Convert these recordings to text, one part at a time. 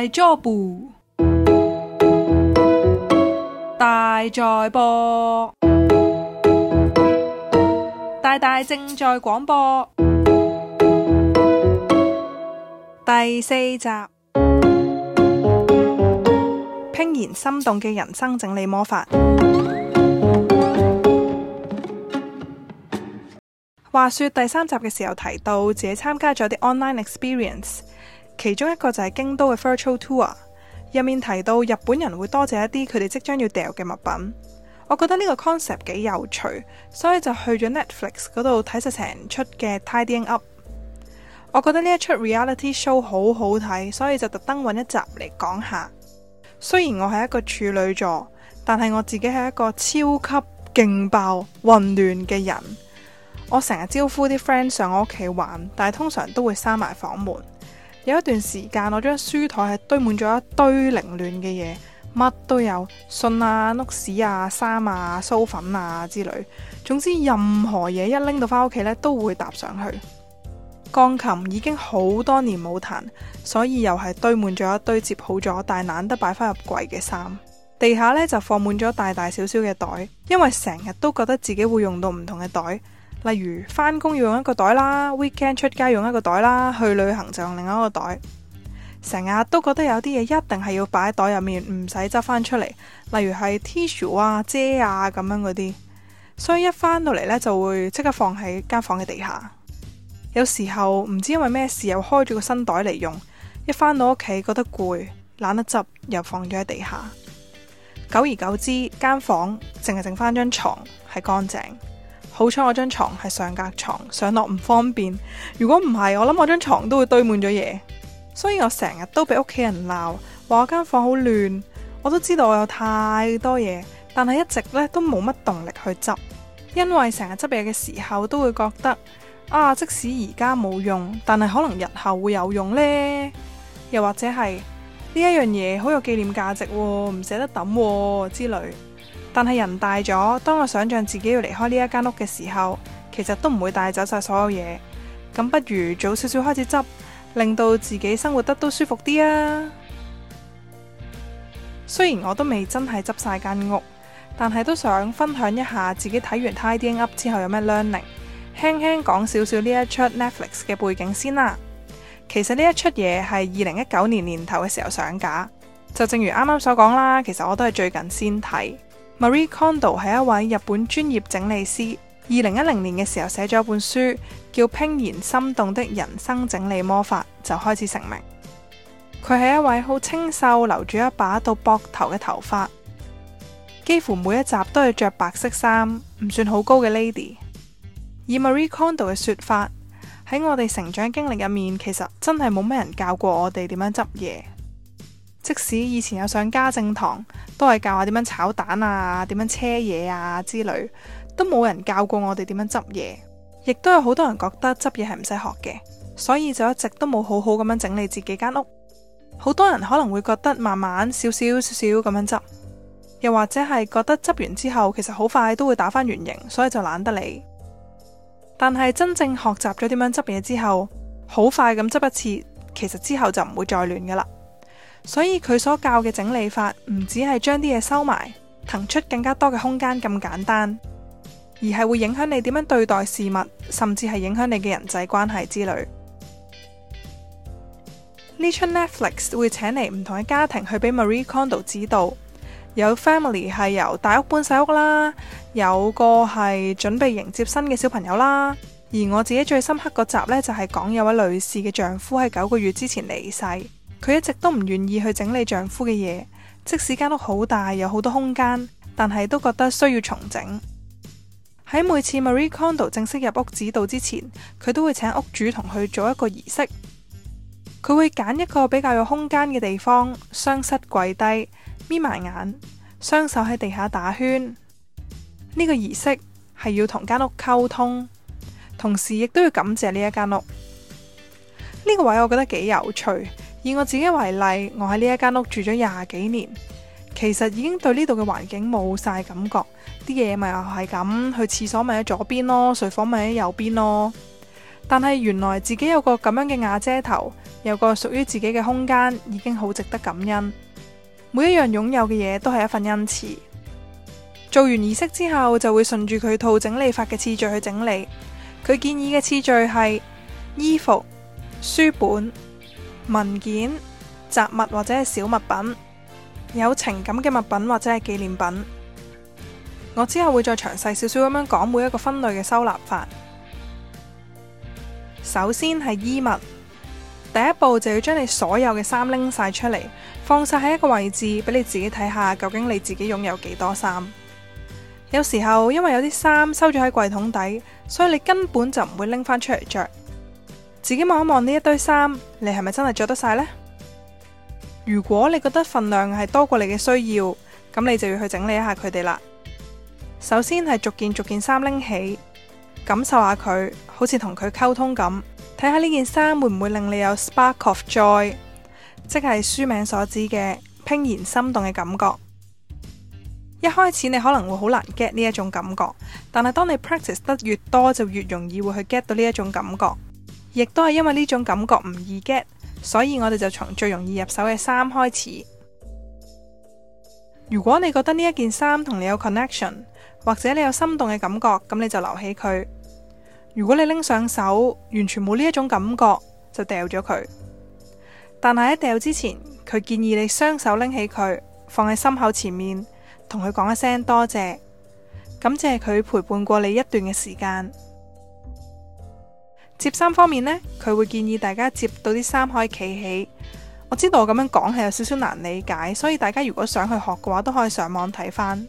大 job，大在播，大大正在廣播第四集，怦然心動嘅人生整理魔法。 話說第三集嘅時候提到自己參加咗啲 online experience。其中一個就係京都嘅 Virtual Tour 入面提到，日本人會多謝一啲佢哋即將要掉嘅物品。我覺得呢個 concept 幾有趣，所以就去咗 Netflix 嗰度睇曬成出嘅 Tidying Up。我覺得呢一出 Reality Show 好好睇，所以就特登揾一集嚟講下。雖然我係一個處女座，但係我自己係一個超級勁爆混亂嘅人。我成日招呼啲 friend 上我屋企玩，但係通常都會閂埋房門。有一段時間，我將書枱係堆，堆滿咗一堆凌亂嘅嘢，乜都有，信啊、碌屎啊、衫啊、梳粉啊之類。總之，任何嘢一拎到返屋企呢，都會搭上去。鋼琴已經好多年冇彈，所以又係堆滿咗一堆摺好咗但懶得擺翻入櫃嘅衫。地下呢，就放滿咗大大小小嘅袋，因為成日都覺得自己會用到唔同嘅袋。例如返工要用一個袋啦，weekend 出街用一個袋啦，去旅行就用另外一個袋。成日都覺得有啲嘢一定係要擺喺袋入面，唔使執返出嚟。例如係 tissue 啊、遮啊咁樣嗰啲，所以一返到嚟呢，就會即刻放喺間房嘅地下。有時候唔知因為咩事又開咗個新袋嚟用，一返到屋企覺得攰，懶得執，又放咗喺地下。久而久之，間房淨係剩返張床係乾淨。好彩我張床係上格床，上落唔方便。如果唔係，我諗我張床都會堆滿咗嘢。所以我成日都俾屋企人鬧，話我間房好亂。我都知道我有太多嘢，但係一直咧都冇乜動力去執，因為成日執嘢嘅時候都會覺得，啊即使而家冇用，但係可能日後會有用呢，又或者係呢一樣嘢好有紀念價值，唔捨得抌啊，之類。但係人大咗，當我想象自己要離開呢一間屋嘅時候，其實都唔會帶走晒所有嘢。咁不如早少少開始執，令到自己生活得都舒服啲啊。 雖然我都未真係執晒間屋，但係都想分享一下自己睇完《Tidying Up》之後有咩 learning。輕輕講少少呢一出 Netflix 嘅背景先啦。其實呢一出嘢係二零一九年年頭嘅時候上架，就正如啱啱所講啦。其實我都係最近先睇。Mary Kondo 係一位日本專業整理師，二零一零年嘅時候寫咗一本書，叫《怦然心動的人生整理魔法》，就開始成名。佢係一位好清秀、留住一把到膊頭嘅頭髮，幾乎每一集都係着白色衫，唔算好高嘅 lady。以 Marie Kondo 嘅說法，喺我哋成長經歷入面，其實真係冇咩人教過我哋點樣執嘢。即使以前有上家政堂，都係教下點樣炒蛋啊、點樣車嘢啊之類，都冇人教過我哋點樣執嘢。亦都有好多人覺得執嘢係唔使學嘅，所以就一直都冇好好咁樣整理自己間屋。好多人可能會覺得慢慢少少、少少咁樣執，又或者係覺得執完之後其實好快都會打返原形，所以就懶得理。但係真正學習咗點樣執嘢之後，好快咁執一次，其實之後就唔會再亂㗎喇。所以佢所教嘅整理法唔止係將啲嘢收埋騰出更加多嘅空間咁簡單，而係會影響你點樣對待事物，甚至係影響你嘅人際關係之類。呢出 Netflix 會請嚟唔同嘅家庭去俾 Marie Kondo 指導，有 family 係由大屋搬細屋啦，有個係準備迎接新嘅小朋友啦，而我自己最深刻個集呢，就係、是、講有位女士嘅丈夫喺九個月之前離世。佢一直都唔願意去整理丈夫嘅嘢，即使間屋好大，有好多空間，但係都覺得需要重整。喺每次 Marie Kondo 正式入屋指導之前，佢都會請屋主同佢做一個儀式。佢會揀一個比較有空間嘅地方，雙膝跪低，眯埋眼，雙手喺地下打圈。呢、這個儀式係要同間屋溝通，同時亦都要感謝呢一間屋。呢、這個位我覺得幾有趣。以我自己為例，我喺呢一間屋住咗廿幾年，其實已經對呢度嘅環境冇晒感覺，啲嘢咪又係咁，去廁所咪喺左邊咯，睡房咪喺右邊咯。但係原來自己有個咁樣嘅瓦遮頭，有個屬於自己嘅空間，已經好值得感恩。每一樣擁有嘅嘢都係一份恩賜。做完儀式之後，就會順住佢套整理法嘅次序去整理。佢建議嘅次序係：衣服、書本。文件、雜物或者係小物品、有情感嘅物品或者係紀念品。我之後會再詳細少少咁樣講每一個分類嘅收納法。首先係衣物，第一步就要將你所有嘅衫拎晒出嚟，放晒喺一個位置，俾你自己睇下究竟你自己擁有幾多衫。有時候因為有啲衫收咗喺櫃桶底，所以你根本就唔會拎翻出嚟着。自己望一望呢一堆衫，你係咪真係着得晒呢？如果你覺得份量係多過你嘅需要，咁你就要去整理一下佢哋啦。首先係逐件逐件衫拎起，感受下佢，好似同佢溝通咁，睇下呢件衫會唔會令你有 Spark of Joy，即係書名所指嘅怦然心動嘅感覺。一開始你可能會好難 get 呢一種感覺，但係當你 practice 得越多，就越容易會去 get 到呢一種感覺。亦都係因為呢種感覺唔易 get，所以我哋就從最容易入手嘅衫開始。如果你覺得呢一件衫同你有 connection，或者你有心動嘅感覺，咁你就留起佢。如果你拎上手完全冇呢一種感覺，就掉咗佢。但係喺掉之前，佢建議你雙手拎起佢，放喺心口前面，同佢講一聲多謝，感謝佢陪伴過你一段嘅時間。接衫方面呢，佢會建議大家摺到啲衫可以企起。我知道我咁樣講係有少少難理解，所以大家如果想去學嘅話，都可以上網睇返。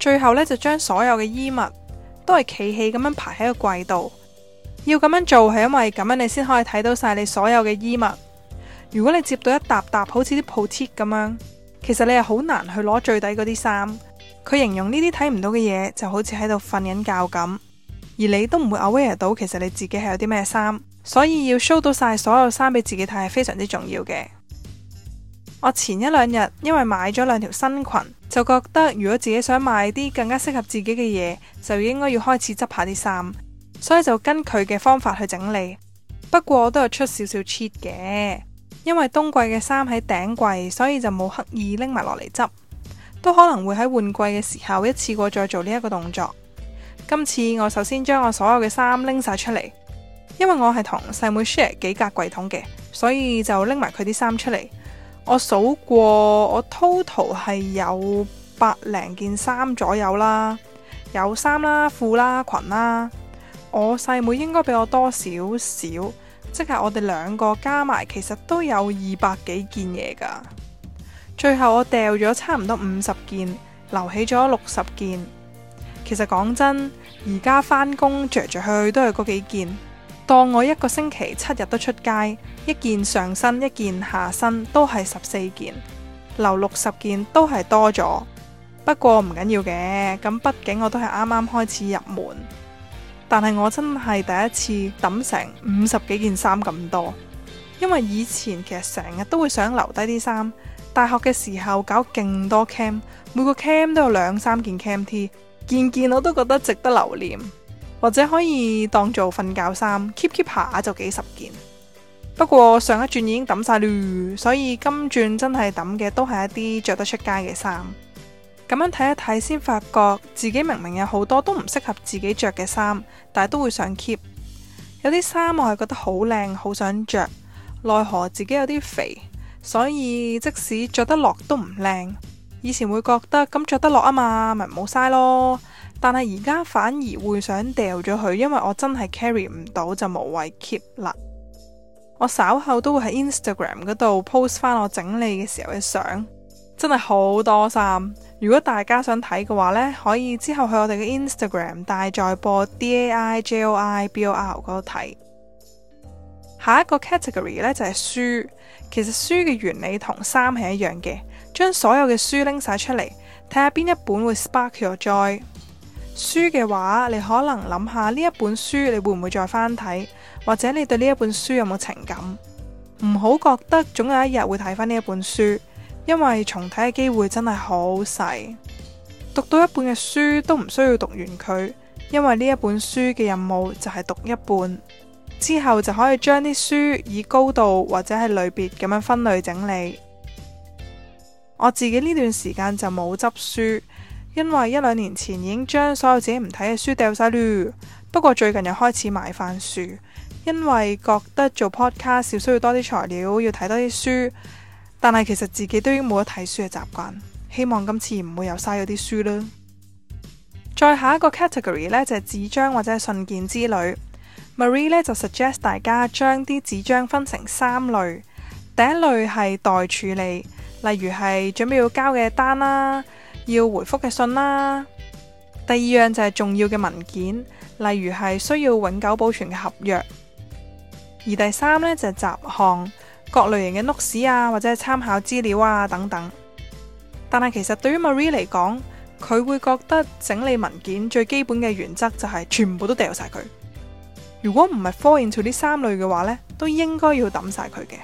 最後呢，就將所有嘅衣物都係企起咁樣排喺個櫃度。要咁樣做係因為咁樣你先可以睇到晒你所有嘅衣物。如果你摺到一沓沓好似啲鋪貼咁樣，其實你係好難去攞最底嗰啲衫。佢形容呢啲睇唔到嘅嘢就好似喺度瞓緊覺咁。而你都唔會 aware 到其實你自己係有啲咩衫，所以要 show 到晒所有衫俾自己睇係非常之重要嘅。我前一兩日因為買咗兩條新裙，就覺得如果自己想買啲更加適合自己嘅嘢，就應該要開始執下啲衫，所以就跟佢嘅方法去整理。不過我都有出少少 cheat 嘅，因為冬季嘅衫喺頂櫃，所以就冇刻意拎埋落嚟執，都可能會喺換季嘅時候一次過再做呢一個動作。今次我首先將我所有嘅衫拎晒出嚟，因為我係同細妹 share 幾格櫃桶嘅，所以就拎埋佢啲衫出嚟。我數過我 total 係有百零件衫左右啦，有衫啦、褲啦、裙啦。我細妹應該比我多少少，即係我哋兩個加埋其實都有二百幾件嘢噶。最後我掉咗差唔多五十件，留起咗六十件。其實講真，而家返工着着去都係嗰幾件，當我一個星期七日都出街，一件上身一件下身都係十四件，留六十件都係多咗。不過唔緊要嘅，咁畢竟我都係啱啱開始入門。但係我真係第一次抌成五十幾件衫咁多，因為以前其實成日都會想留低啲衫。大學嘅時候搞勁多 cam，每個 cam 都有兩三件 cam t。件件我都覺得值得留念，或者可以當做瞓覺衫 keep keep 下就幾十件。不過上一轉已經抌晒啦，所以今轉真係抌嘅都係一啲着得出街嘅衫。咁樣睇一睇，先發覺自己明明有好多都唔適合自己着嘅衫，但係都會想 keep。有啲衫我係覺得好靚，好想着，奈何自己有啲肥，所以即使着得落都唔靚。以前會覺得咁着得落啊嘛，咪冇嘥咯。但係而家反而會想掉咗佢，因為我真係 carry 唔到就無謂 keep 啦。我稍後都會喺 Instagram 嗰度 post 翻我整理嘅時候嘅相，真係好多衫。如果大家想睇嘅話呢，可以之後去我哋嘅 Instagram 大在播 D A I J O I B O R 嗰度睇。下一個 category 呢，就係、是、書，其實書嘅原理同衫係一樣嘅。將所有嘅書拎晒出嚟，睇下邊一本會 spark your joy。書嘅話，你可能諗下呢一本書你會唔會再翻睇，或者你對呢一本書有冇情感。唔好覺得總有一日會睇返呢一本書，因為重睇嘅機會真係好細。讀到一半嘅書都唔需要讀完佢，因為呢一本書嘅任務就係讀一半，之後就可以將啲書以高度或者係類別咁樣分類整理。我自己呢段時間就冇執書，因為一兩年前已經將所有自己唔睇嘅書掉晒咯。不過最近又開始買翻書，因為覺得做 podcast 少需要多啲材料，要睇多啲書。但係其實自己都已經冇得睇書嘅習慣，希望今次唔會有嘥咗啲書啦。再下一個 category 呢，就係紙張或者係信件之類。Marie 咧就 suggest 大家將啲紙張分成三類，第一類係待處理。例如係準備要交嘅單啦，要回覆嘅信啦。第二樣就係重要嘅文件，例如係需要永久保存嘅合約。而第三呢，就係雜項各類型嘅 notes 啊，或者係參考資料啊等等。但係其實對於 Marie 嚟講，佢會覺得整理文件最基本嘅原則就係全部都掉晒佢。如果唔係 fall into 呢三類嘅話呢，都應該要抌晒佢嘅，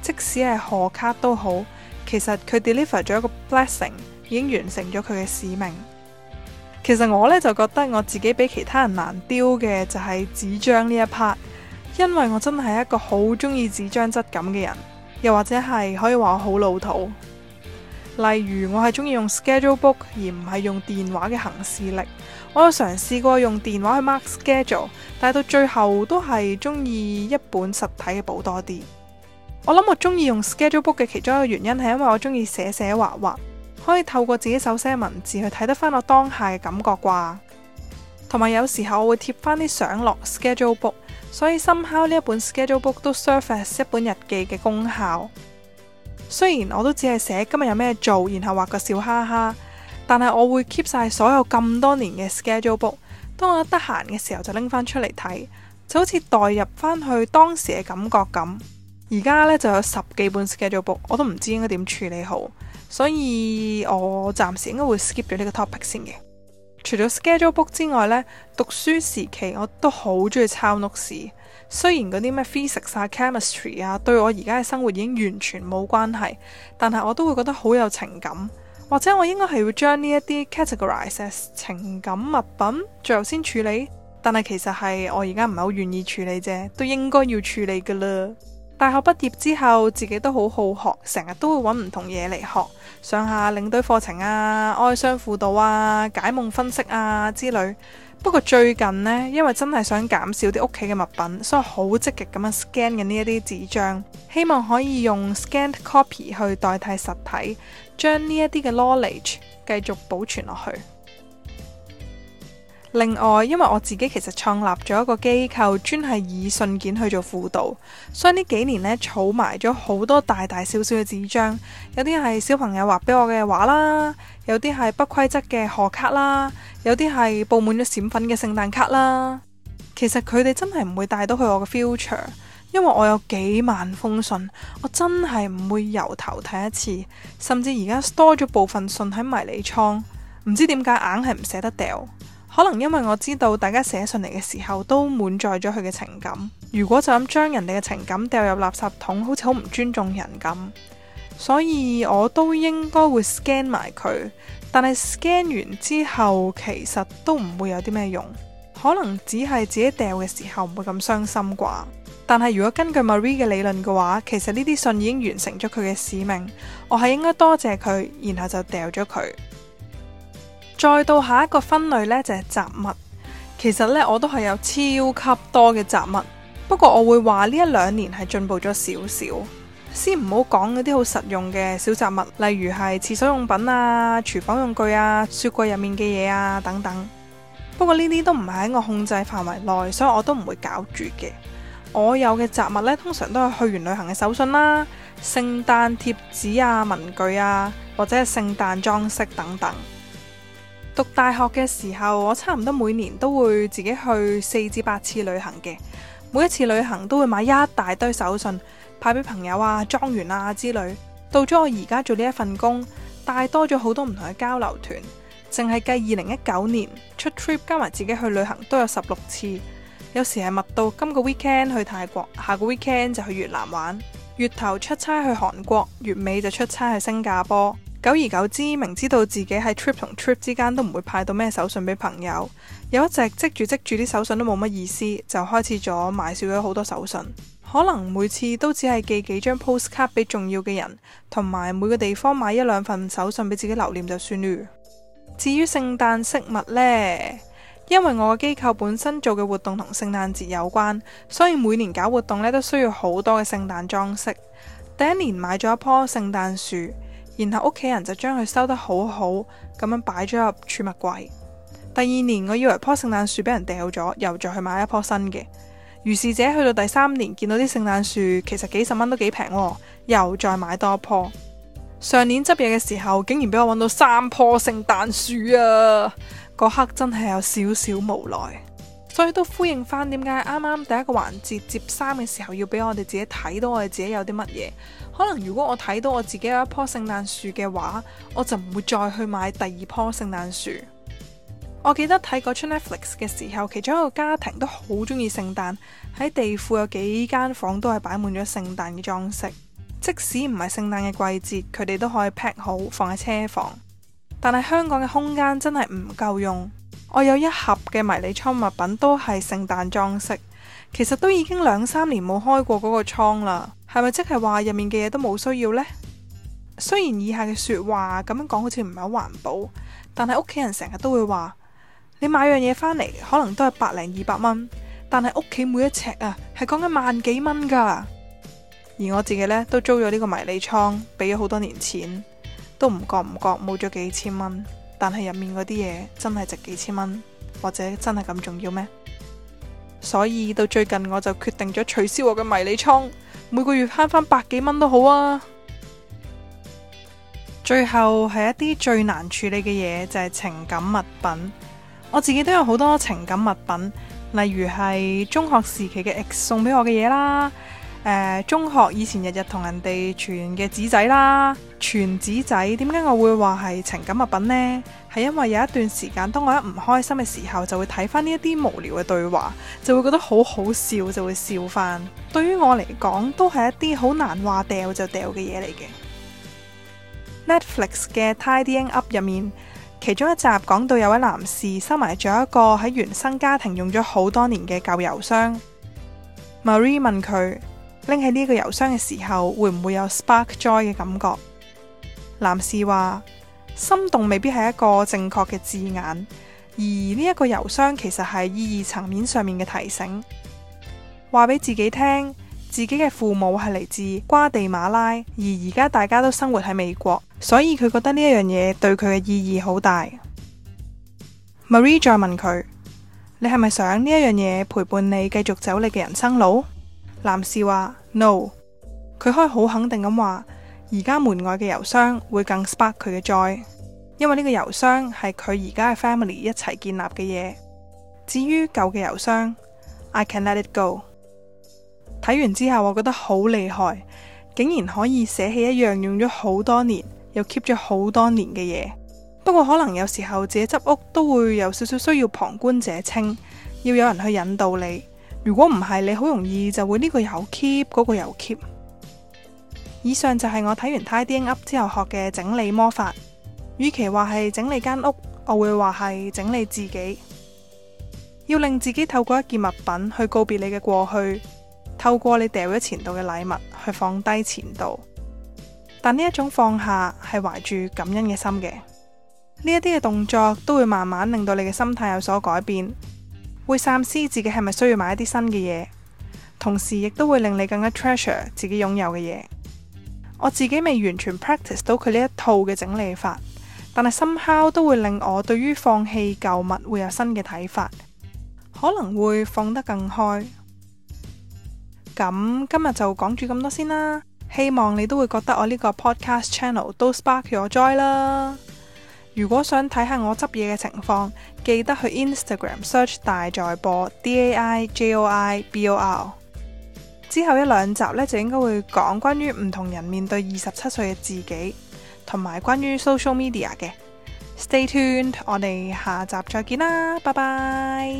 即使係賀卡都好。其實佢 deliver 咗一個 blessing，已經完成咗佢嘅使命。其實我呢，就覺得我自己比其他人難丟嘅就係紙張呢一 part，因為我真係一個好中意紙張質感嘅人，又或者係可以話我好老土。例如我係中意用 schedule book 而唔係用電話嘅行事曆。我有嘗試過用電話去 mark schedule，但係到最後都係中意一本實體嘅簿多啲。我諗我中意用 schedule book 嘅其中一個原因係因為我中意寫寫畫畫，可以透過自己手寫文字去睇得翻我當下嘅感覺啩。同埋有，有時候我會貼翻啲相落 schedule book，所以 somehow 呢一本 schedule book 都 serve as 一本日記嘅功效。雖然我都只係寫今日有咩做，然後畫個笑哈哈，但係我會 keep 晒所有咁多年嘅 schedule book。當我得閒嘅時候就拎翻出嚟睇，就好似代入翻去當時嘅感覺咁。而家咧，就有十幾本 schedule book，我都唔知應該點處理好，所以我暫時應該會 skip 咗呢個 topic 先嘅。除咗 schedule book 之外呢，讀書時期我都好中意抄 notes。雖然嗰啲咩 physics 啊、chemistry 啊，對我而家嘅生活已經完全冇關係，但係我都會覺得好有情感，或者我應該係會將呢一啲 categorize as 情感物品，最後先處理。但係其實係我而家唔係好願意處理啫，都應該要處理噶啦。大學畢業之後，自己都好好學，成日都會揾唔同嘢嚟學，上下領隊課程啊、哀傷輔導啊、解夢分析啊之類。不過最近呢，因為真係想減少啲屋企嘅物品，所以好積極咁樣 scan 緊呢一啲紙張，希望可以用 scan copy 去代替實體，將呢一啲嘅 knowledge 繼續保存落去。另外，因為我自己其實創立咗一個機構，專係以信件去做輔導，所以呢幾年呢，儲埋咗好多大大小小嘅紙張，有啲係小朋友畫俾我嘅畫啦，有啲係不規則嘅賀卡啦，有啲係布滿咗閃粉嘅聖誕卡啦。其實佢哋真係唔會帶到去我嘅 future，因為我有幾萬封信，我真係唔會由頭睇一次，甚至而家多咗部分信喺迷你倉，唔知點解硬係唔捨得掉。可能因為我知道大家寫信嚟嘅時候都滿載咗佢嘅情感，如果就咁將人哋嘅情感掉入垃圾桶，好似好唔尊重人咁，所以我都應該會 Scan 埋佢。但係 Scan 完之後，其實都唔會有啲咩用，可能只係自己掉嘅時候唔會咁傷心啩。但係如果根據 Marie 嘅理論嘅話，其實呢啲信已經完成咗佢嘅使命，我係應該多謝佢，然後就掉咗佢。再到下一個分類呢，就係、是、雜物。其實呢，我都係有超級多嘅雜物。不過我會話呢一兩年係進步咗少少。先唔好講嗰啲好實用嘅小雜物，例如係廁所用品啊、廚房用具啊、雪櫃入面嘅嘢啊等等。不過呢啲都唔係喺我控制範圍內，所以我都唔會搞住嘅。我有嘅雜物呢，通常都係去完旅行嘅手信啦、啊、聖誕貼紙啊、文具啊，或者係聖誕裝飾等等。讀大學嘅時候，我差唔多每年都會自己去四至八次旅行嘅。每一次旅行都會買一大堆手信派俾朋友啊、莊園啊之類。到咗我而家做呢一份工，帶多咗好多唔同嘅交流團。淨係計二零一九年出 trip 加埋自己去旅行都有十六次。有時係密到今個 weekend 去泰國，下個 weekend 就去越南玩。月頭出差去韓國，月尾就出差去新加坡。久而久之，明知道自己喺 trip 同 trip 之間都唔會派到咩手信俾朋友，有一只積住積住啲手信都冇乜意思，就開始咗買少咗好多手信。可能每次都只係寄幾張 postcard 俾重要嘅人，同埋每個地方買一兩份手信俾自己留念就算啦。至於聖誕飾物呢，因為我嘅機構本身做嘅活動同聖誕節有關，所以每年搞活動呢都需要好多嘅聖誕裝飾。第一年買咗一棵聖誕樹。然後屋企人就將佢收得好好，咁樣擺咗入儲物櫃。第二年，我以為棵聖誕樹俾人掉咗，又再去買一棵新嘅。如是者去到第三年，見到啲聖誕樹其實幾十蚊都幾平，又再買多一棵。上年執嘢嘅時候，竟然俾我搵到三棵聖誕樹啊！嗰刻真係有少少無奈。所以都呼應返點解啱啱第一個環節接衫嘅時候，要俾我哋自己睇到我哋自己有啲乜嘢？可能如果我睇到我自己有一棵聖誕樹嘅話，我就唔會再去買第二棵聖誕樹。我記得睇嗰出 Netflix 嘅時候，其中一個家庭都好中意聖誕，喺地庫有幾間房都係擺滿咗聖誕嘅裝飾。即使唔係聖誕嘅季節，佢哋都可以 pack 好放喺車房。但係香港嘅空間真係唔夠用。我有一盒嘅迷你倉物品都係聖誕裝飾，其實都已經兩三年冇開過嗰個倉啦，係咪即係話入面嘅嘢都冇需要呢？雖然以下嘅說話咁樣講好似唔係好環保，但係屋企人成日都會話，你買樣嘢返嚟可能都係百零二百蚊，但係屋企每一尺啊係講緊萬幾蚊噶。而我自己呢，都租咗呢個迷你倉，俾咗好多年錢，都唔覺唔覺冇咗幾千蚊。但係入面嗰啲嘢真係值幾千蚊，或者真係咁重要咩？所以到最近我就決定咗取消我嘅迷你倉，每個月慳返百幾蚊都好啊。最後係一啲最難處理嘅嘢，就係情感物品。我自己都有好多情感物品，例如係中學時期嘅 X 送俾我嘅嘢啦。呃，中學以前日日同人哋傳嘅紙仔啦，傳紙仔點解我會話係情感物品呢？係因為有一段時間，當我一唔開心嘅時候，就會睇翻呢一啲無聊嘅對話，就會覺得好好笑，就會笑翻。對於我嚟講，都係一啲好難話掉就掉嘅嘢嚟嘅。Netflix 嘅《Tidying Up》入面，其中一集講到有位男士收埋咗一個喺原生家庭用咗好多年嘅舊郵箱。Marie 問佢。拎起呢個郵箱嘅時候，會唔會有 spark joy 嘅感覺？男士話心動未必係一個正確嘅字眼，而呢一個郵箱其實係意義層面上面嘅提醒，話俾自己聽，自己嘅父母係嚟自瓜地馬拉，而而家大家都生活喺美國，所以佢覺得呢一樣嘢對佢嘅意義好大。Marie 再問佢：你係咪想呢一樣嘢陪伴你繼續走你嘅人生路？男士話：No，佢可以好肯定咁話，而家門外嘅郵箱會更 spark 佢嘅 joy，因為呢個郵箱係佢而家嘅 family 一齊建立嘅嘢。至於舊嘅郵箱，I can let it go。睇完之後，我覺得好厲害，竟然可以捨棄一樣用咗好多年，又 keep 咗好多年嘅嘢。不過可能有時候自己執屋都會有少少需要旁觀者清，要有人去引導你。如果唔係，你好容易就會呢個又 keep 嗰個又 keep。以上就係我睇完 Tidying Up 之後學嘅整理魔法。與其話係整理間屋，我會話係整理自己。要令自己透過一件物品去告別你嘅過去，透過你掉咗前度嘅禮物去放低前度。但呢一種放下係懷住感恩嘅心嘅。呢一啲嘅動作都會慢慢令到你嘅心態有所改變。會三思自己係咪需要買一啲新嘅嘢，同時亦都會令你更加 treasure 自己擁有嘅嘢。我自己未完全 practice 到佢呢一套嘅整理法，但係 somehow 都會令我對於放棄舊物會有新嘅睇法，可能會放得更開。咁今日就講住咁多先啦，希望你都會覺得我呢個 podcast channel 都 spark your joy 啦。如果想睇下我執嘢嘅情況，記得去 Instagram search 大在播 D A I J O I B O R。之後一兩集呢，就應該會講關於唔同人面對二十七歲嘅自己，同埋關於 social media 嘅。Stay tuned，我哋下集再見啦，拜拜。